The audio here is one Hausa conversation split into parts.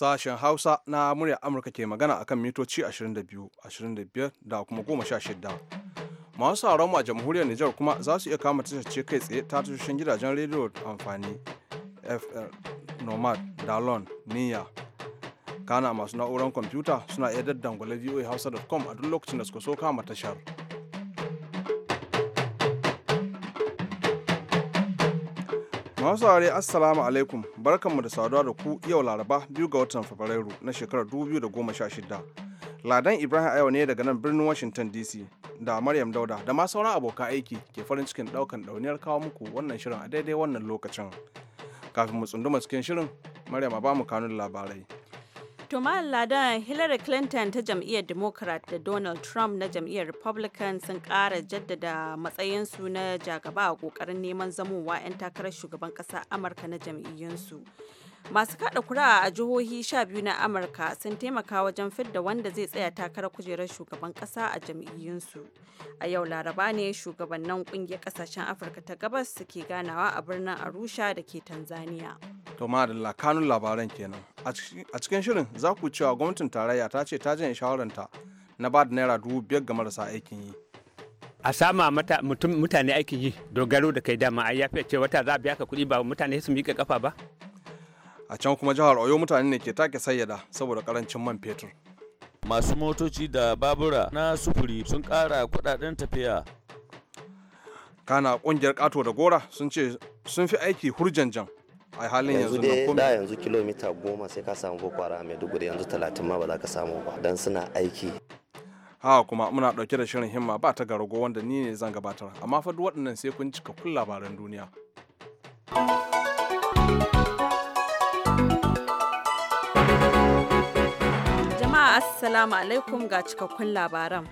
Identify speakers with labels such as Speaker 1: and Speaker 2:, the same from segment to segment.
Speaker 1: Sashen Hausa na murya Amurka ke magana akan mitoci 22, 25 da kuma 16. Masu sauran a jamhuriyar Nijar kuma za su iya kama tashar kai tsaye ta tashoshin gidajen rediyo amfani FR Nomad, Dalon, Niyya, kana masu na'urar kwamfuta suna iya daddangwale hausa.com a duk lokacin da suka so kama tashar. Masu saurari Assalamu alaikum barkanmu da saduwa da ku yau Laraba biyu ga watan Fabrairu na shekarar 2016. Ladan Ibrahim Ayo ne daga nan birnin Washington DC da Maryam Dauda da ma sauran abokan aiki ke farin cikin daukan dauniyar kawo muku wannan shirin a daidai wannan lokacin. Kafin mu tsunduma cikin shirin, Maryam a ba mu kanun labarai.
Speaker 2: To Lada Hillary Clinton ta jam'iyyar Democrat da Donald Trump na jam'iyyar Republican sun ƙara jaddada matsayinsu na jagaba a ƙoƙarin neman zamowa 'yan takarar shugaban ƙasa Amurka na jam'iyyunsu. masu kada kura a jihohi 12 na amurka sun taimaka wajen fidda wanda zai tsaya takarar kujerar shugaban kasa a jam'iyyunsu a yau laraba ne shugabannin kungiyar kasashen afirka ta gabas suke ganawa a birnin arusha da ke
Speaker 1: tanzania to kanun labaran kenan a cikin shirin za ku cewa gwamnatin tarayya ta ce ta janye shawararta na ba da naira dubu biyar ga marasa aikin yi a sama mutane aikin yi dogaro da kai dama ai ya ce wata za a biya ka kuɗi ba mutane su miƙa kafa ba a can kuma jihar oyo mutane ne ke take sayyada saboda karancin man fetur masu motoci da babura na sufuri sun kara kudaden tafiya kana kungiyar kato da gora sun ce sun fi aiki hurjanjan a halin yanzu dai da yanzu
Speaker 3: kilomita goma sai ka samu ko kwara maiduguri yanzu talatin ma ba za ka samu ba dan suna aiki
Speaker 1: haka kuma muna dauke da shirin himma ba ta garago wanda ni ne zan gabatar amma fa duk waɗannan sai kun cika kun labaran duniya thank you
Speaker 2: Assalamu alaikum ga cikakkun labaran.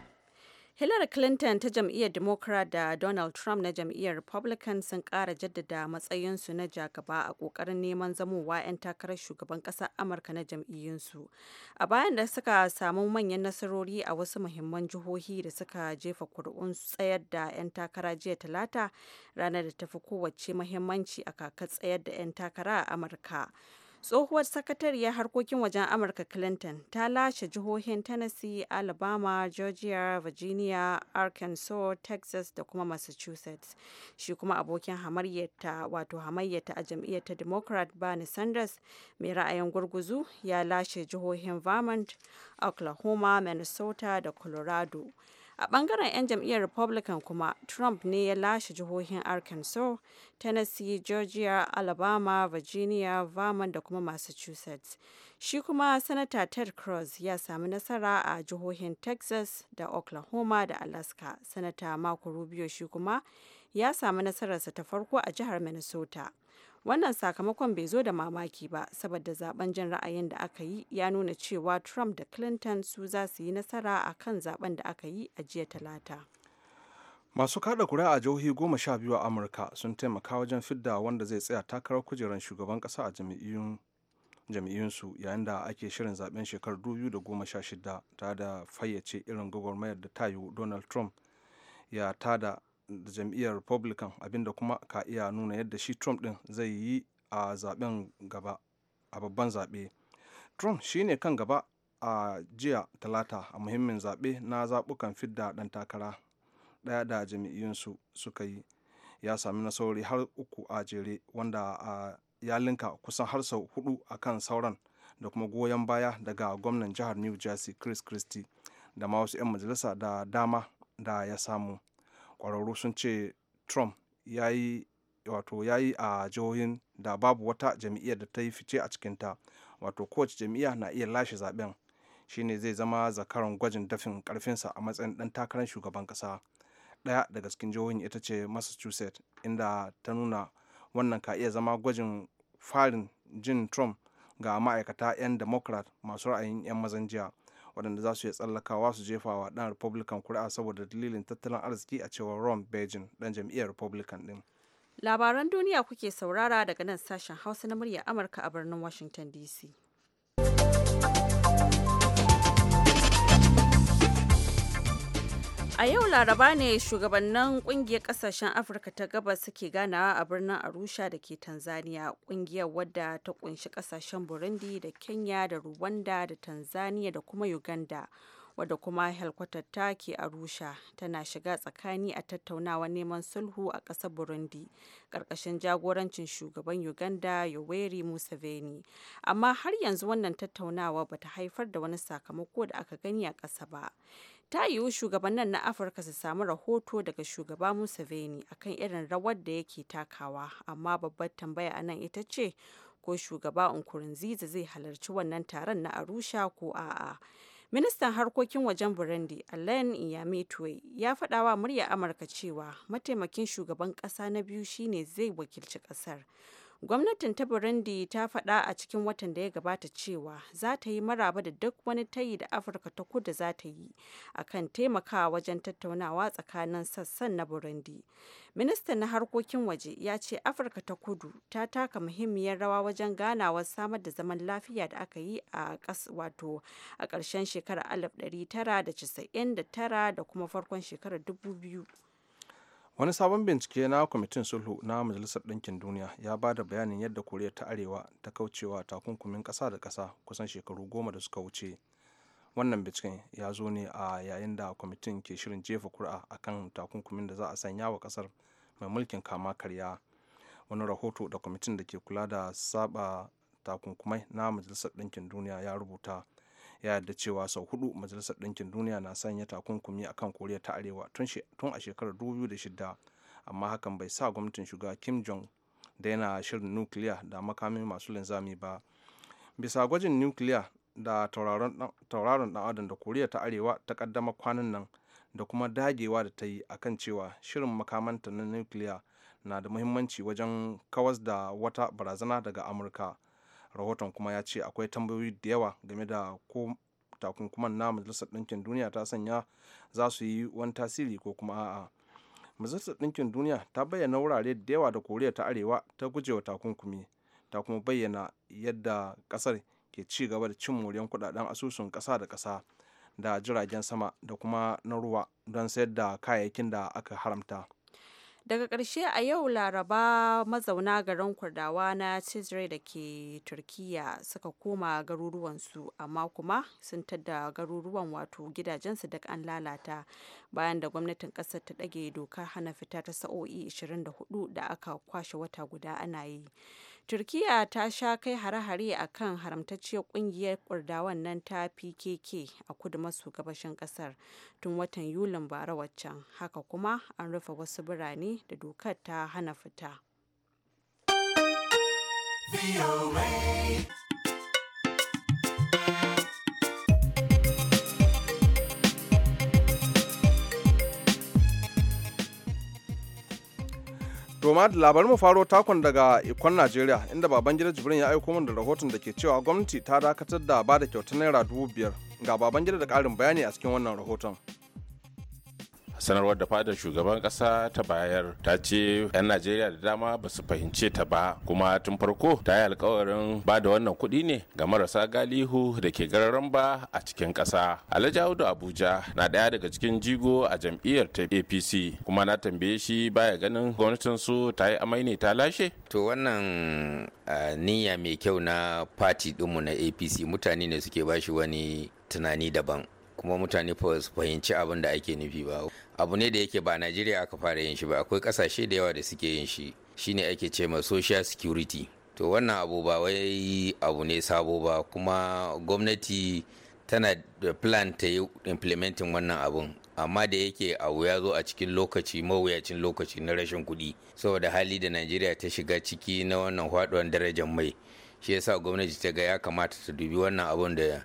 Speaker 2: Hillary Clinton ta jam'iyyar Democrat da Donald Trump na jam'iyyar Republican sun ƙara jaddada matsayinsu na jagaba a ƙoƙarin neman zamowa 'yan takarar shugaban ƙasar Amurka na jam'iyyunsu. A bayan da suka samu manyan nasarori a wasu muhimman jihohi da suka jefa kuri'un tsayar da 'yan takara jiya talata ranar da ta fi kowace muhimmanci a kakar tsayar da 'yan takara a Amurka. Tsohuwar sakatariyar harkokin wajen Amurka Clinton ta lashe jihohin Tennessee, Alabama, Georgia, Virginia, Arkansas, Texas da kuma Massachusetts. Shi kuma abokin hamayyata wato hamayyata a jam'iyyar ta Democrat Bernie Sanders mai ra'ayin gurguzu ya lashe jihohin Vermont, Oklahoma, Minnesota da Colorado. A bangaren 'yan jam'iyyar Republican kuma, Trump ne ya lashe jihohin Arkansas, Tennessee, Georgia, Alabama, Virginia, Vermont da kuma Massachusetts. Shi kuma Sanata Ted Cruz ya sami nasara a jihohin Texas da Oklahoma da Alaska. Sanata Marco Rubio shi kuma ya sami nasararsa ta farko a jihar Minnesota. Wannan sakamakon bai zo da mamaki ba, saboda zaben jin ra'ayin da aka yi ya nuna cewa Trump da Clinton su za su yi nasara a kan zaben da aka yi a jiya Talata.
Speaker 1: Masu kada kura a jihohi goma sha biyu a Amurka sun taimaka wajen fidda wanda zai tsaya takarar kujerar shugaban ƙasa a jami'in jam'iyyunsu yayin da ake shirin zaben shekarar 2016 ta da fayyace irin gwagwarmayar da ta yi donald trump ya tada jam'iyyar republican abinda kuma ka iya nuna yadda shi trump din zai yi a zaben gaba a babban zaɓe trump shi ne kan gaba a jiya talata a muhimmin zaɓe na zaɓukan fidda ɗan takara ɗaya da jam'iyyunsu suka yi ya sami nasarori har uku a jere wanda a ya linka kusan har sau hudu a kan sauran da kuma goyon baya daga gwamnan jihar new jersey chris christie da ma wasu 'yan majalisa da dama da ya samu kwararru sun ce trump ya yi wato ya yi a jihohin da babu wata jam'iyyar da ta yi fice a cikinta wato kowace jam'iyya na iya lashe zaben shine zai zama zakaran gwajin dafin karfinsa a matsayin dan takarar shugaban kasa daya daga cikin jihohin ita ce massachusetts inda ta nuna wannan ka iya zama gwajin farin jin trump ga ma'aikata 'yan democrat masu ra'ayin 'yan mazan jiya waɗanda za su iya tsallakawa su jefa wa ɗan republican kuri'a saboda dalilin tattalin arziki a cewar ron beijing ɗan jam'iyyar republican ɗin
Speaker 2: labaran duniya kuke saurara daga nan sashen hausa na murya amurka a birnin washington dc A yau Laraba ne shugabannin kungiyar kasashen Afirka ta gabas suke ganawa a birnin Arusha da ke Tanzania. Kungiyar wadda ta kunshi kasashen Burundi da Kenya da Rwanda da Tanzania da kuma Uganda. Wadda kuma ta ke Arusha tana shiga tsakani a tattaunawa neman sulhu a ƙasar Burundi ƙarƙashin jagorancin shugaban Uganda Yoweri Museveni. Amma har yanzu wannan tattaunawa bata haifar da wani sakamako da aka gani a ƙasa ba. ta yiwu shugabannin na afirka su samu rahoto daga shugaba museveni akan irin rawar da yake takawa amma babbar tambaya a nan ita ce ko shugaba nkurunziza zai halarci wannan taron na arusha ko a'a ministan harkokin wajen burundi alain iyametwe ya faɗa wa murya amurka cewa mataimakin shugaban ƙasa na biyu shine zai wakilci ƙasar Gwamnatin ta Burundi ta faɗa a cikin watan da ya gabata cewa za ta yi maraba da duk wani tayi da Afirka ta kudu za ta yi a kan taimakawa wajen tattaunawa tsakanin sassan na Burundi. Ministan na harkokin waje ya ce Afirka ta kudu ta taka muhimmiyar rawa wajen ganawar samar da zaman lafiya da aka yi a wato a ƙarshen shekarar 1999 da kuma farkon shekarar 2000.
Speaker 1: wani sabon bincike na kwamitin sulhu na majalisar ɗinkin duniya ya ba da bayanin yadda koriya ta arewa ta kaucewa takunkumin ƙasa da ƙasa kusan shekaru goma da suka wuce wannan binciken ya zo ne a yayin da kwamitin ke shirin jefa kura a kan takunkumin da za a sanya wa ƙasar mai mulkin kama karya wani rahoto da kwamitin da ke kula da saba takunkumai na majalisar ɗinkin duniya ya rubuta ya yarda cewa sau hudu majalisar ɗinkin duniya na sanya takunkumi kan koriya ta arewa tun a shekarar 2006 amma hakan bai sa gwamnatin shuga kim jong da yana shirin nukiliya da makami masu linzami ba bisa gwajin nukiliya da tauraron dan adam da koriya ta arewa ta kaddama kwanan nan da kuma dagewa da ta yi a kan cewa shirin makamanta na nukiliya na da muhimmanci wajen kawas da wata barazana daga amurka rahoton kuma ya ce akwai tambayoyi da yawa game da ko takunkuman na majalisar ɗinkin duniya ta sanya za su yi wani tasiri ko kuma a'a majalisar ɗinkin duniya ta bayyana wurare da yawa da koriya ta arewa ta gujewa takunkumi ta kuma bayyana yadda ƙasar ke ci gaba da cin moriyar kuɗaɗen asusun ƙasa da ƙasa da jiragen sama da kuma na ruwa don sayar da kayayyakin da aka haramta
Speaker 2: Daga ƙarshe a yau Laraba mazauna garin Kurdawa na Cizre da ke Turkiyya suka koma garuruwansu amma kuma sun tada garuruwan wato gidajensu duk an lalata bayan da gwamnatin ƙasar ta ɗage dokar hana fita ta sa'o'i 24 da aka kwashe wata guda ana yi. Turkiya ta sha kai hare-hare a kan haramtacciyar kungiyar kurdawan nan ta PKK a kudu maso gabashin kasar tun watan Yulin bara waccan. Haka kuma an rufe wasu birane da dokar ta hana fita.
Speaker 1: Doma da labarin mu faro takon daga ikon Najeriya inda baban gida Jibrin ya aiko min da rahoton da ke cewa gwamnati ta dakatar da ba da kyautar naira dubu biyar ga baban gida da ƙarin bayani a cikin wannan rahoton.
Speaker 3: sanarwar da fadar shugaban kasa ta bayar ta ce 'yan najeriya da dama ba su fahimce ta ba kuma tun farko ta yi alkawarin ba da wannan kuɗi ne ga marasa galihu da ke gararan ba a cikin ƙasa alhaji audu abuja na ɗaya daga cikin jigo a jam'iyyar ta apc kuma na tambaye shi baya ganin gwamnatin
Speaker 4: su ta yi amai ne ta lashe to wannan niyya mai kyau na fati ɗinmu na apc mutane ne suke bashi wani tunani daban kuma mutane fa su fahimci abin da ake nufi ba abu ne da yake ba najeriya aka fara yin shi ba akwai kasashe da yawa da suke yin shi shine ake ce ma social security to wannan abu ba wai abu ne sabo ba kuma gwamnati tana da plan ta yi implementing wannan abun amma da yake abu ya zo a cikin lokaci mawuyacin lokaci na rashin kuɗi saboda hali da najeriya ta shiga ciki na wannan faɗuwar darajar mai shi yasa gwamnati ta ga ya kamata ta dubi wannan abun da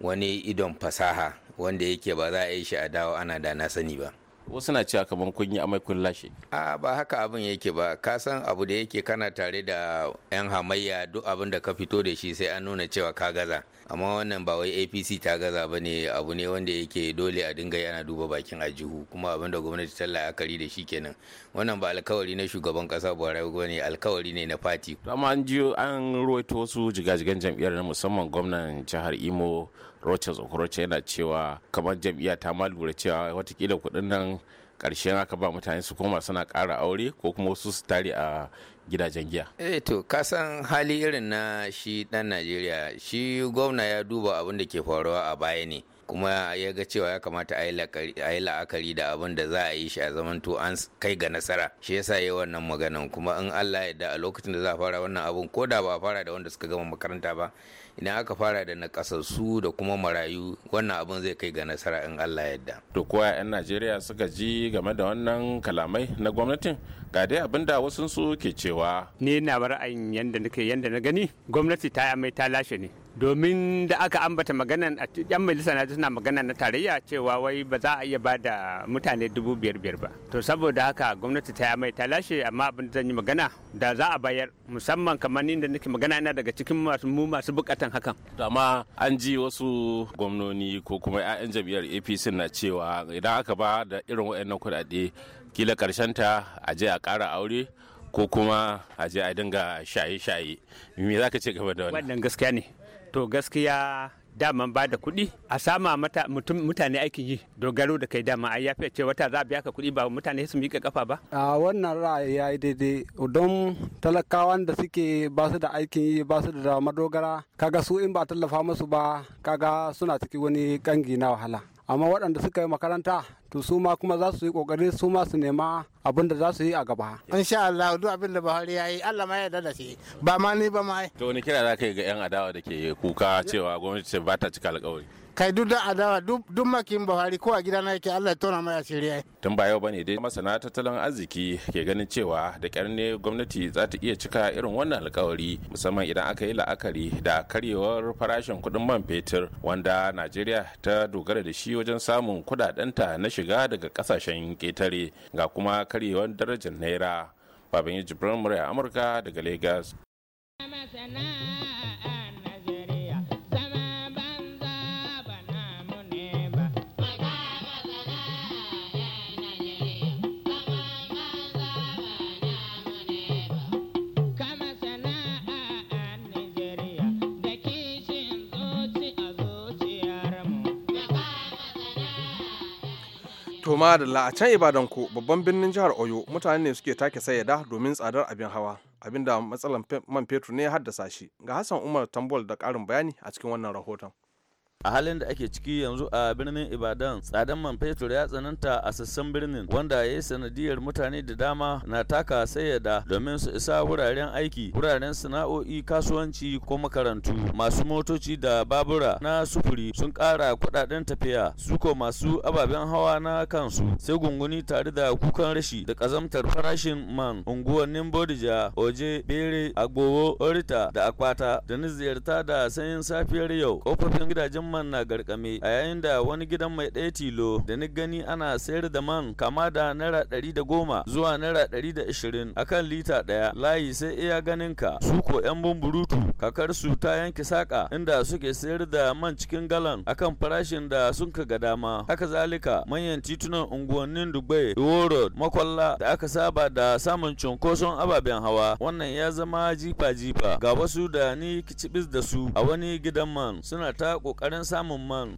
Speaker 4: wani idon fasaha wanda yake ba za a yi shi a dawo ana da na sani ba wasu na cewa kamar kun yi amai kun lashe a ba haka abin yake ba ka san abu da yake kana tare da yan hamayya duk abin da ka fito da shi sai an nuna cewa ka gaza amma wannan ba wai apc ta gaza ba ne abu ne wanda yake dole a dinga yana duba bakin ajihu kuma abin da gwamnati ta la'akari da shi kenan wannan ba alkawari na shugaban kasa buhari ba ne alkawari ne na fati amma an ji
Speaker 3: an ruwaito wasu jigajigan jam'iyyar musamman gwamnan jihar imo rochas okorocha yana cewa kamar jam'iyya ta ma lura cewa watakila kudin nan karshen aka ba mutane su koma suna kara aure ko kuma wasu su tare a gidajen giya.
Speaker 4: Eh to kasan hali irin na shi dan Najeriya shi gwamna ya duba abin da ke faruwa a baya ne. kuma ya ga cewa ya kamata a yi la'akari da abin da za a yi shi a zaman to an kai ga nasara shi yasa yi wannan maganan kuma in Allah ya da a lokacin da za a fara wannan abun ko da ba a fara da wanda suka gama makaranta ba idan aka fara da nakasassu da kuma marayu wannan abin zai kai ga nasara in Allah ya da. To kuwa 'yan Najeriya suka ji game da wannan kalamai
Speaker 3: na gwamnatin ga dai abin da wasu su ke cewa. Ni na bar ra'ayin yanda nake yanda
Speaker 4: na gani gwamnati ta mai ta lashe ne domin da aka ambata maganan yan majalisa na suna magana na tarayya cewa wai ba za a iya ba da mutane dubu biyar biyar ba to saboda haka gwamnati ta mai ta lashe amma abin da zan yi magana da za a bayar musamman kamar ni da nake magana yana daga cikin masu mu masu bukatan hakan to
Speaker 3: amma an ji wasu gwamnoni ko kuma 'ya'yan jam'iyyar APC na cewa idan aka ba da irin waɗannan kuɗaɗe kila karshen ta a je a ƙara aure ko kuma a je a dinga shaye-shaye me za ka ce game da wannan
Speaker 4: wannan gaskiya ne to gaskiya daman ba da kuɗi a sama mata mutane aikin yi dogaro da kai dama ai yafi ce wata za a biya ka kuɗi ba mutane su miƙa kafa ba
Speaker 5: a wannan ra'ayi yi daidai don talakawan da suke ba su da aikin yi ba su da madogara kaga su in ba tallafa musu ba kaga suna cikin wani
Speaker 6: kangi na wahala amma waɗanda suka yi makaranta to su ma kuma za su yi kokari su ma su nema abin da za su yi a gaba insha Allah duk abin da Buhari ya yi Allah ma ya dada shi ba ma ni ba
Speaker 3: ma to ni kira za ka yi ga yan adawa da ke kuka cewa gwamnati ba ta cika alƙawari
Speaker 4: kai duk da adawa duk makin buhari ko a gida na yake allah tona mai asiri ai
Speaker 3: tun ba yau bane dai masana tattalin arziki ke ganin cewa da kyarne gwamnati za ta iya cika irin wannan alkawari musamman idan aka yi la'akari da karyewar farashin kudin man fetur wanda najeriya ta dogara da shi wajen samun kudadenta na shiga daga kasashen ƙetare ga kuma karyewar darajar naira baban yi jibrin murya amurka daga lagos
Speaker 1: To madalla a can Ibadan ko babban birnin jihar Oyo mutane ne suke take sayyada domin tsadar abin hawa abinda matsalar man fetur ne ya haddasa shi ga Hassan Umar Tambol da ƙarin bayani a cikin wannan rahoton. a halin da ake ciki
Speaker 7: yanzu a birnin ibadan tsadan man fetur ya tsananta a sassan birnin wanda ya yi sanadiyar mutane da dama na taka sayyada domin su isa wuraren aiki wuraren sana'o'i kasuwanci ko makarantu masu motoci da babura na sufuri sun kara kuɗaɗen tafiya suko masu ababen hawa na kansu sai gunguni tare da kukan rashi da kazamtar farashin man unguwannin bodija oje bere agbowo orita da akwata da ni ziyarta da sanyin safiyar yau kofofin gidajen man na garkame a yayin da wani gidan mai ɗaya tilo da ni gani ana sayar da man kama da naira ɗari da goma zuwa naira ɗari da ashirin akan lita ɗaya layi sai iya ganin ka su ko yan bumburutu kakar su ta yanke saƙa inda suke sayar da man cikin galan akan farashin da sun ka ga dama haka zalika manyan titunan unguwannin dubai road makwalla da aka saba da samun cunkoson ababen hawa wannan ya zama jifa-jifa ga wasu da ni kicibis da su a wani gidan man suna ta ƙoƙarin bayan samun man.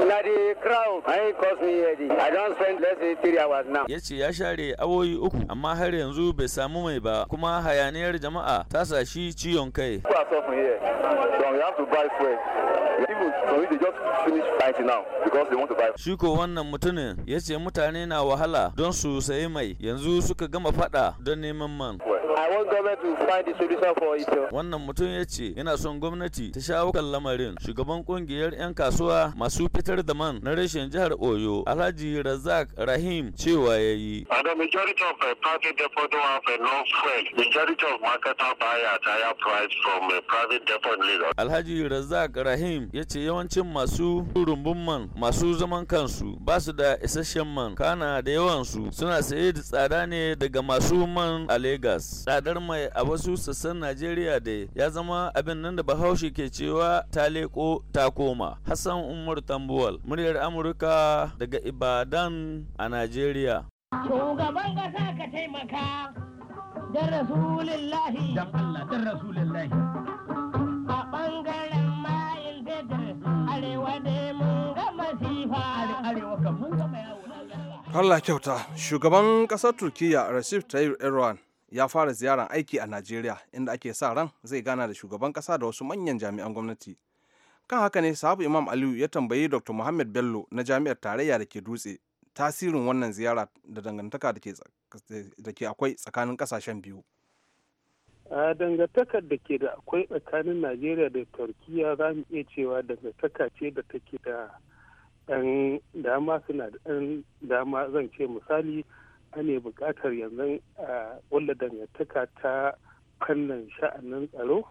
Speaker 7: Ya ce ya share awoyi uku amma har yanzu bai samu mai ba kuma hayaniyar jama'a ta sa shi ciwon kai. Shi ko wannan mutumin ya ce mutane na wahala don su sayi mai yanzu suka gama fada don neman man. Wannan mutum ya ce yana son gwamnati ta shawo kan lamarin. Shugaban kungiyar 'yan kasuwa masu fitar da man na rashin jihar Oyo, Alhaji Razak Rahim cewa ya yi. the majority
Speaker 5: of depot have fuel. Majority of price from a private
Speaker 7: depot Alhaji Razak Rahim ya ce yawancin masu rumbun man masu zaman kansu ba su da isasshen man kana da yawansu suna saye da tsada ne daga masu man a Legas. tsadar mai a wasu sassan Najeriya da ya zama abin nan da Bahaushe ke cewa ta leko ta koma. Hassan Umar Tambuwal, muryar Amurka daga Ibadan a Najeriya. Shugaban ƙasa ka taimaka
Speaker 4: da Rasulillahi.
Speaker 7: Dan Allah, dan Rasulillahi.
Speaker 4: A ɓangaren mayin fetur, arewa ne mun ga masifa.
Speaker 7: Arewa kan mun ga
Speaker 1: Allah kyauta, shugaban ƙasar Turkiyya Recep Tayyip Erdogan ya fara ziyarar aiki a najeriya inda ake sa ran zai gana da shugaban kasa da wasu manyan jami'an gwamnati kan haka ne sahabu imam aliyu ya tambayi dr muhammad bello na jami'ar tarayya da ke dutse tasirin wannan ziyara da dangantaka da ke akwai tsakanin kasashen biyu
Speaker 5: a dangantakar da ke da akwai tsakanin najeriya da turkiya za mu iya cewa dangantaka ce da take da dama suna da dama zan ce misali ane bukatar yanzu a ƙulla dangantaka ta fannin sha'anin tsaro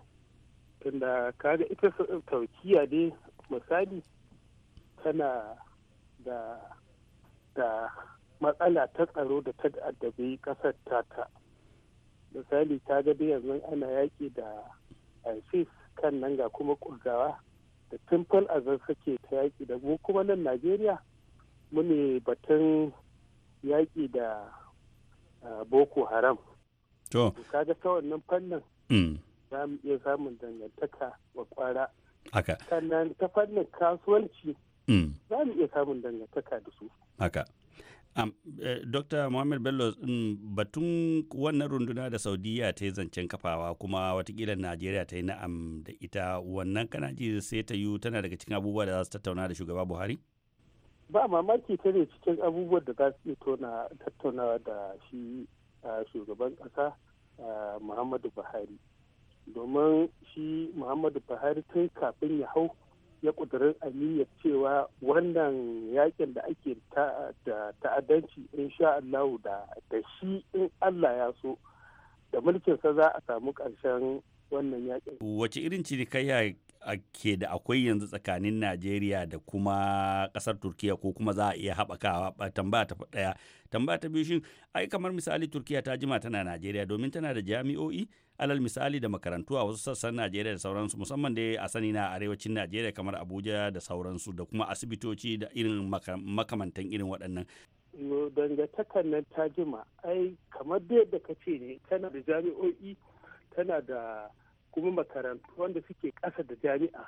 Speaker 5: tunda kaga ita turkiya ne misali tana da da matsala ta tsaro da ta addabi ta ta misali ta ga dai yanzu ana yaƙi da isis kan nan ga kuma kurgawa da tumfal azar suke ta yaƙi da mu kuma nan najeriya mu ne batun yaƙi da boko haram to kaga ta wannan fannin mm. za mu iya samun dangantaka wa kwara haka sannan ta fannin kasuwanci mm. za mu iya samun dangantaka da su
Speaker 7: haka Um, eh, Dr. Mohamed Bello mm, batun wannan runduna da Saudiya ta yi zancen kafawa kuma watakila Najeriya ta yi na'am da ita wannan kana ji sai ta yi tana daga cikin abubuwa da za su tattauna da shugaba Buhari?
Speaker 5: ba mamaki ta ne cikin abubuwan da za su iya tona tattaunawa da shi a shugaban ƙasa muhammadu buhari domin shi muhammadu buhari tun kafin ya hau ya ƙudurin aniyar cewa wannan yakin da ake da ta'addanci insha allahu da shi in allah ya so da mulkinsa za a samu ƙarshen wannan yakin.
Speaker 7: Wace irin cinikayya ke da akwai yanzu tsakanin Najeriya da kuma kasar Turkiya ko kuma za a iya haɓakawa tambaya ta ɗaya. Tambaya ta biyu shin ai kamar misali Turkiya ta jima tana Najeriya domin tana da jami'o'i alal misali da makarantu a wasu sassan Najeriya da sauransu musamman da a sani na arewacin Najeriya kamar Abuja da sauransu da kuma asibitoci da irin makamantan irin waɗannan.
Speaker 5: Dangantakar nan ta jima ai kamar da yadda ka ce ne tana da jami'o'i tana da kuma makarantu wanda suke ƙasa da jami'a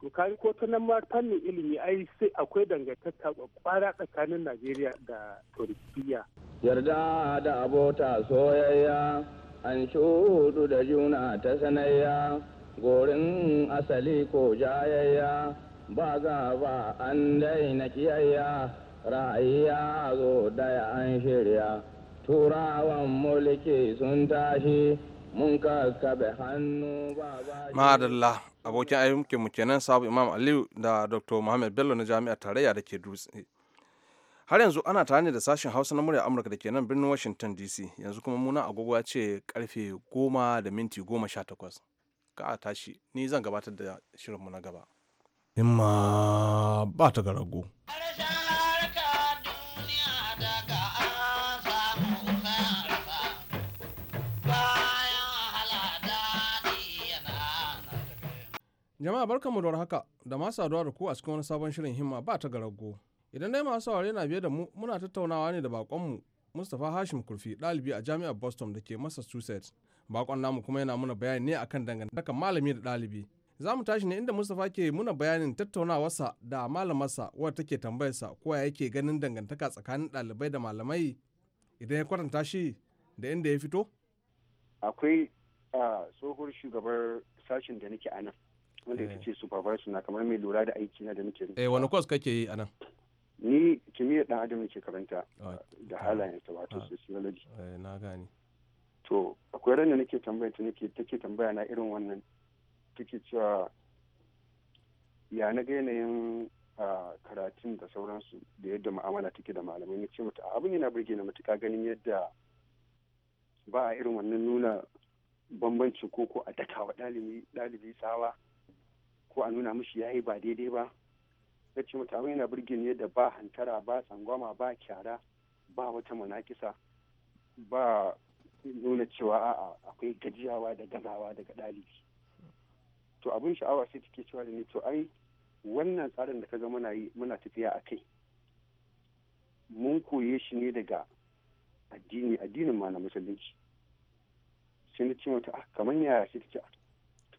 Speaker 5: to kotunan ko ta nan ma fannin ilimi ai sai akwai dangantaka kwara tsakanin najeriya da turkiya yarda da abota soyayya
Speaker 7: an shudu da juna ta
Speaker 5: sanayya
Speaker 7: gorin asali ko jayayya
Speaker 3: ba ga ba
Speaker 7: an daina kiyayya ra'ayya zo daya an shirya turawan
Speaker 4: mulki sun tashi mun ka kabe hannu ba
Speaker 1: ba abokin ayyukan mu kenan sabu imam aliyu da dr muhammad bello na jami'ar tarayya da ke dutse har yanzu ana tare ne da sashen hausa na murya amurka da ke nan birnin washington dc yanzu kuma muna agogo ya ce karfe goma da minti goma sha takwas ka a tashi ni zan gabatar da shirinmu na gaba imma ba ta ga rago Jama'a barkanmu da haka da ma saduwa da ku a cikin wani sabon shirin himma ba ta garago. Idan dai masu saurare na biye da mu muna tattaunawa ne da bakonmu Mustapha Hashim Kurfi ɗalibi a Jami'ar Boston da ke Massachusetts. Bakon namu kuma yana muna bayani ne akan dangantakar malami da ɗalibi. Za mu tashi ne inda Mustapha ke muna bayanin tattaunawarsa da malamarsa wadda take tambayarsa ko ya yake ganin dangantaka tsakanin ɗalibai da malamai idan ya kwatanta shi da inda ya fito.
Speaker 5: Akwai ah, tsohuwar shugabar sashen da nake a nan wanda ita eh. ce supervisor na kamar mai lura da aiki na da nake
Speaker 1: eh wani course kake yi anan
Speaker 5: ni kimiyyar dan adam ke karanta ah, da ah, halayen ta wato ah. sociology eh na gani to akwai ranar nake tambaya ta nake take tambaya na irin wannan take cewa ya na ga yanayin karatun da sauransu da yadda mu'amala take da malamai na ce mata abin yana burge na matuka ganin yadda ba a irin wannan nuna bambanci ko a daka wa ɗalibi tsawa ko a nuna mishi yi ba daidai ba ta ce mata yana birgin ne da ba hantara ba tsangwama ba kyara ba wata manakisa ba nuna cewa a'a akwai gajiyawa da gazawa daga ɗalibi to abin sha'awa sai take cewa da ni to ai wannan tsarin da kaga muna yi muna tafiya a kai mun koye shi ne daga addini addinin ma na musulunci sai na ce mata ah, kamar yaya sai take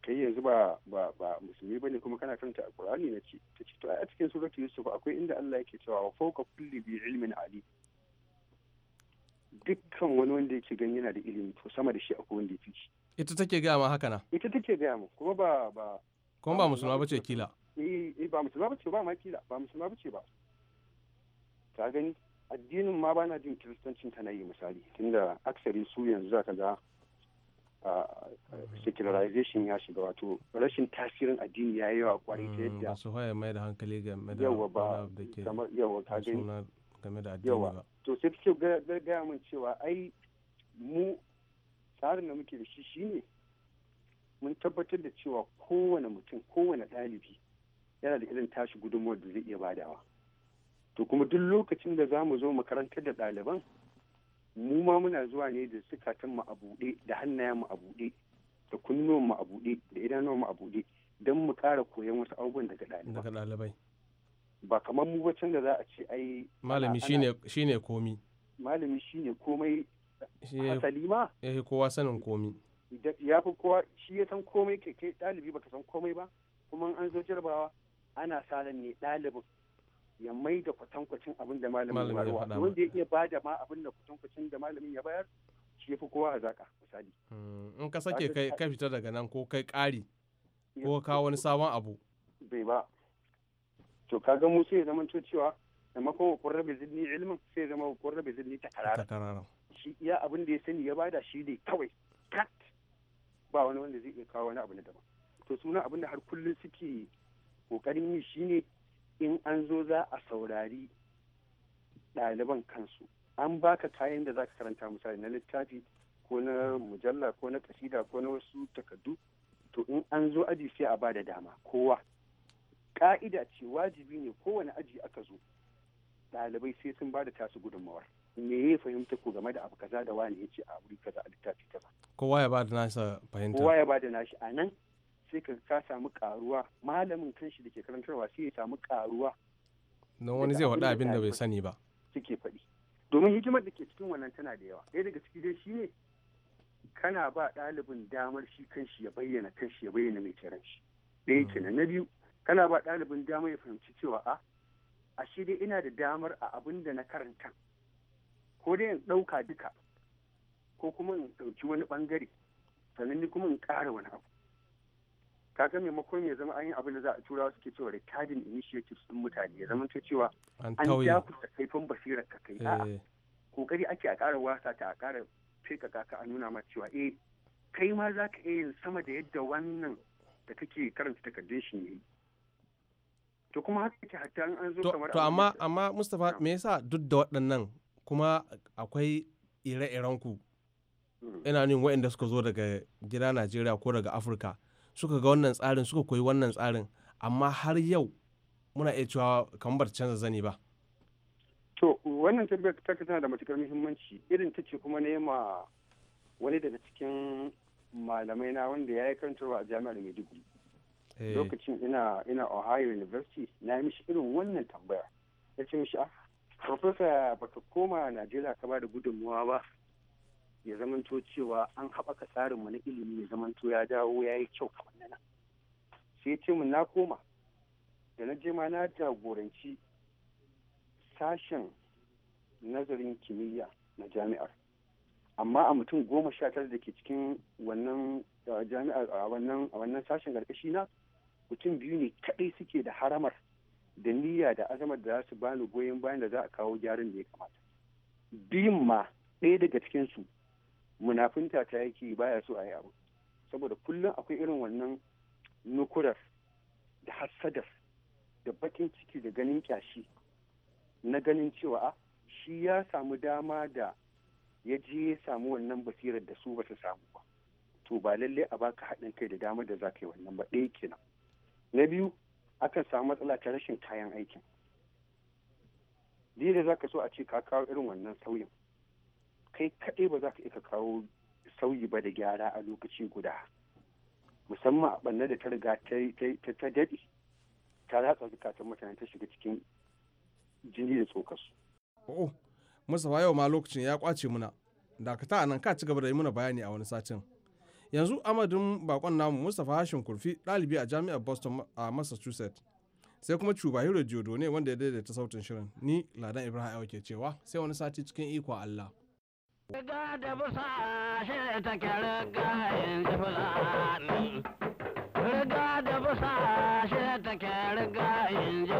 Speaker 5: kai yanzu ba ba ba musulmi bane kuma kana karanta alqur'ani nace ce to a cikin suratu yusuf akwai inda Allah yake cewa wa fawqa kulli bi ilmin ali dukkan wani wanda yake gani yana da
Speaker 1: ilimi to sama da shi akwai wanda yake shi ita take ga ma haka na
Speaker 5: ita take ga mu kuma ba ba
Speaker 1: kuma ba musulma bace kila
Speaker 5: eh, eh ba musulma bace ba ma kila ba musulma bace ba ta gani addinin ma bana jin kiristancin ta na yi misali tunda aksari su yanzu zaka ga secularization ya shiga wato rashin tasirin addini ya yi yawa kwari ta mm, yadda ba
Speaker 1: su haya mai da hankali game da yawa ba kamar yawa ka game da ba
Speaker 5: to sai take gaya min cewa ai mu tsarin da muke da shi shine mun tabbatar da cewa kowane mutum kowane ɗalibi yana da irin tashi gudunmuwar da zai iya badawa to kuma duk lokacin da za mu zo makarantar da ɗaliban mu ma muna zuwa ne da sukatan mu a buɗe da hannayen mu a buɗe da kunnuwan mu a buɗe da idanuwan mu a buɗe don mu ƙara koyon wasu abubuwan daga ɗalibai daga ɗalibai ba kamar mu ba da za a ce ai
Speaker 1: malami shine shine komi
Speaker 5: malami shine komai
Speaker 1: asali ma eh kowa sanin komi
Speaker 5: ya fi kowa shi ya san komai ke kai ɗalibi baka san komai ba kuma an zo jarabawa ana salan ne ɗalibin ya mai da kwatankwacin abin da malamin ya bayar. wanda ya iya ba da ma abin da kwatankwacin da malamin ya bayar shi ya fi kowa a zaka misali
Speaker 1: hmm, in ka sake kai ka fita daga nan ko kai ƙari ko ka wani sabon abu
Speaker 5: bai ba to ka ga musu ya zama cewa maimakon wakon rabe zidni ilimin sai ya zama wakon rabe zidni
Speaker 1: takararra
Speaker 5: shi iya abin da ya sani ya bada shi ne kawai kat ba wani wanda zai iya kawo wani abu na daban to suna abin da har kullum suke kokarin yi shine in an zo za a saurari ɗaliban kansu an baka kayan da za ka karanta misali na littafi ko na mujalla ko na kasida ko na wasu takardu to in an zo aji sai a bada dama kowa ka'ida ce wajibi ne kowane aji aka zo ɗalibai sai sun bada tasu gudunmawar me ya fahimta ko game da abu kaza da wani ya ce a wuri kaza a littafi kaza
Speaker 1: kowa ya ba nasa fahimta kowa ya
Speaker 5: ba da nashi a nan sai ka ka samu karuwa malamin kanshi da ke karantarwa sai ya samu karuwa
Speaker 1: don wani zai wada abin da bai sani ba suke faɗi
Speaker 5: domin hikimar da ke cikin wannan tana da yawa ɗaya daga ciki dai ne. kana ba ɗalibin damar shi kanshi ya bayyana kanshi ya bayyana mai taron shi ɗaya hmm. kenan na biyu kana ba ɗalibin damar ya fahimci cewa a ah, a shi dai ina da damar a abin da na karanta ko dai in ɗauka duka ko kuma in ɗauki wani ɓangare sannan ni kuma in ƙara wani abu ka ga maimakon ya zama an yi abin da za a turawa suke cewa recording initiatives din mutane ya zama cewa
Speaker 1: an ja ku
Speaker 5: kaifin basirar ka kai a'a eh. kokari ake a ƙara wasa ta a ƙara fika kaka a nuna ma cewa eh kai ma za ka iya yin sama da yadda wannan da kake karanta takardun shi ne to kuma haka yake hatta an zo kamar to amma
Speaker 1: amma Mustapha me yasa duk da waɗannan kuma akwai ire-iren ku hmm. ina nin waɗanda suka zo daga gida Najeriya ko daga Afirka suka ga wannan tsarin suka koyi wannan tsarin amma har yau muna iya cewa kamar ba canza zani ba
Speaker 5: to wannan tambayar ta tana da matukar muhimmanci irin ta ce kuma ma wani daga cikin malamai na wanda ya yi karantarwa a jami'ar maiduguri eh. lokacin ina ina ohio university na yi mishi irin wannan tambaya ya ce mishi ah profesa baka koma najeriya ka ba da gudunmuwa ba ya zamanto cewa an haɓaka tsarinmu na ilimi ya zamanto ya dawo ya yi kyau kamar nan sai ce mu na koma da na je ma na jagoranci sashen nazarin kimiyya na jami'ar amma a mutum goma sha tara da ke cikin wannan jami'ar a wannan sashen ƙarƙashi na mutum biyu ne kaɗai suke da haramar da niyya da azamar da za su bani goyon bayan da za a kawo gyaran da ya kamata biyun ma ɗaya daga cikinsu munafinta ta yake baya so a yi abu saboda kullum akwai irin wannan nukurar da hassadar da bakin ciki da ganin kyashi na ganin cewa a ah, shi ya samu dama da ya je ya samu wannan basirar da su ba su samu ba to ba lallai a baka haɗin kai da dama da za ka yi wannan ba ɗaya kenan na biyu akan samu matsala ta rashin kayan aikin da za ka so a ce ka kawo irin wannan sauyin kai kaɗai ba za ka iya kawo sauyi ba da gyara a lokaci guda musamman a ɓannar da ta riga ta daɗe ta ratsa zukatan mutane ta shiga cikin jini da tsokas.
Speaker 1: Oh, Mustapha yau ma lokacin ya kwace muna. Dakata a nan ka ci gaba da yi muna bayani a wani satin. Yanzu amadin bakon namu Mustapha Hashin Kurfi ɗalibi a Jami'ar Boston a Massachusetts. Sai kuma cuba hiro jiyo ne wanda ya daidaita sautin shirin. Ni Ladan Ibrahim ke cewa sai wani sati cikin ikon Allah.
Speaker 7: Riga da busa ta take riga in ji fulani. Riga da busa shi take riga in ji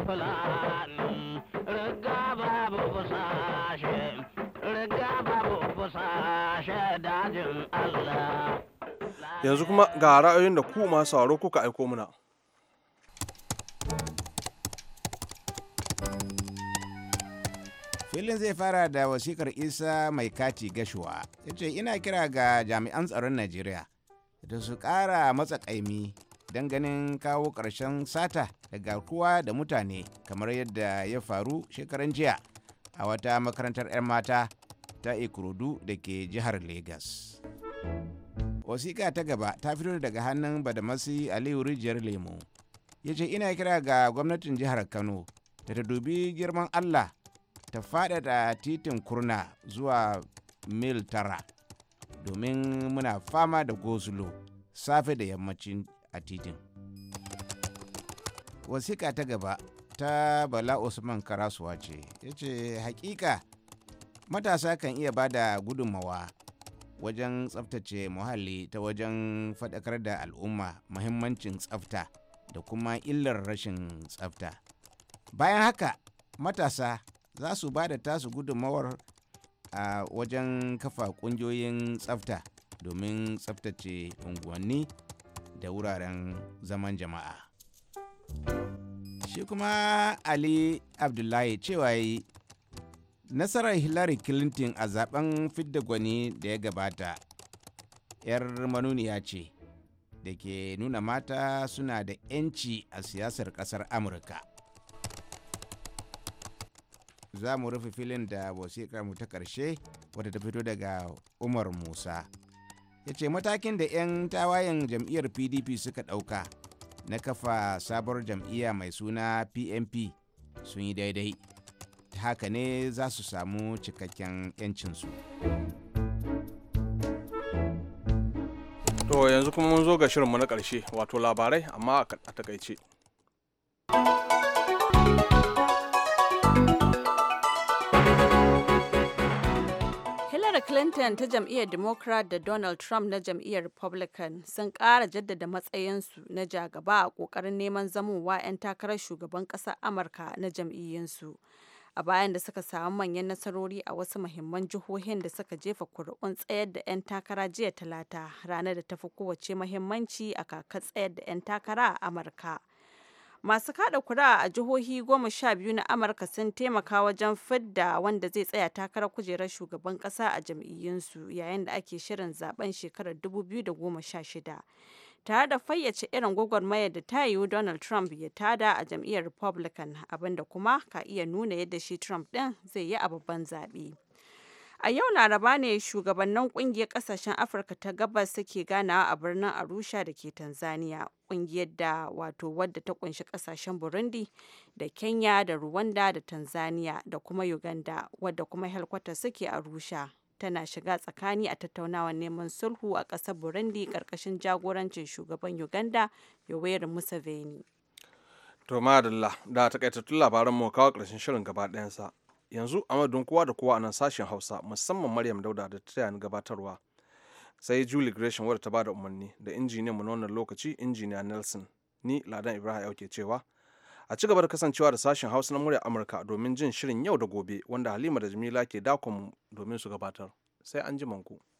Speaker 7: Riga babu busa Riga babu busa
Speaker 4: dajin Allah.
Speaker 1: Yanzu kuma ga ra'ayoyin da ku masu sauraro kuka aiko muna.
Speaker 6: filin zai fara da wasikar isa mai kati gashuwa ya ce ina kira ga jami'an tsaron najeriya da su kara matsa kaimi don ganin kawo ƙarshen sata daga kowa da mutane kamar yadda ya faru shekaran jiya a wata makarantar 'yan mata ta ikurudu da ke jihar lagos wasiƙa ta gaba ta fito daga hannun badamasi aliyu rijiyar lemo ya ce ina kira ga gwamnatin jihar kano da ta dubi girman allah ta faɗaɗa titin kurna zuwa mil tara domin muna fama da gosulo safe da yammacin a titin wasiƙa ta gaba ta bala usman karasuwa ce ya ce hakika matasa kan iya ba da gudunmawa wajen tsaftace muhalli ta wajen faɗakar da al'umma mahimmancin tsafta da kuma illar rashin tsafta bayan haka matasa za su ba da tasu gudunmawar a wajen kafa kungiyoyin tsafta domin tsaftace unguwanni da wuraren zaman jama'a shi kuma ali abdullahi cewa yi nasarar hillary clinton a zaben fidda gwani da ya gabata 'yar manuniya ce da ke nuna mata suna da 'yanci a siyasar kasar amurka za mu rufe filin da wasiƙar mu ta ƙarshe wadda ta fito daga umar musa ya ce matakin da 'yan tawayen jam'iyyar pdp suka ɗauka na kafa sabuwar jam'iyya mai suna pmp sun yi daidai ta haka ne za su samu cikakken 'yancinsu
Speaker 1: to yanzu kuma mun zo ga shirinmu na ƙarshe wato labarai amma a takaice.
Speaker 2: Clinton ta jam'iyyar Democrat da Donald Trump na jam'iyyar Republican sun ƙara jaddada matsayinsu na jagaba a kokarin neman zamowa 'yan takarar shugaban ƙasar Amurka na jam'iyyinsu. A bayan da suka samu manyan nasarori a wasu mahimman jihohin da suka jefa kuri'un tsayar da 'yan takara jiya talata ranar da ta fi kowace muhimmanci a kakar tsayar da 'yan takara a Amurka. masu kada kuri'a a jihohi goma sha biyu na amurka sun taimaka wajen fidda wanda zai tsaya takarar kujerar shugaban kasa a jam'iyyunsu yayin da ake shirin zaben shekarar 2016 tare da fayyace irin gwagwarmayar da ta yiwu donald trump ya tada a jam'iyyar republican abinda kuma ka iya nuna yadda shi trump din zai yi a babban zaɓe. A yau Laraba ne shugabannin kungiyar kasashen Afirka ta Gabas suke ganawa a birnin Arusha da ke Tanzania, kungiyar da wato wadda ta kunshi kasashen Burundi da Kenya da Rwanda da Tanzania da kuma Uganda, wadda kuma helkwata suke Arusha. Tana shiga tsakani a tattaunawar neman sulhu a ƙasar Burundi ƙarƙashin jagorancin shugaban Uganda, Yoweri
Speaker 1: Museveni. To madalla, da takaitattun labaran mu kawo ƙarshen shirin gaba ɗayansa. yanzu a madadin kowa da kowa a nan sashen hausa musamman maryam dauda da ta ni gabatarwa sai julie gresham wadda ta ba da umarni da injiniyan mu na wannan lokaci injiniya nelson ni ladan ibrahim yau ke cewa a ci gaba da kasancewa da sashen hausa na murya amurka domin jin shirin yau da gobe wanda halima da jamila ke dakon domin su gabatar sai an ji manku.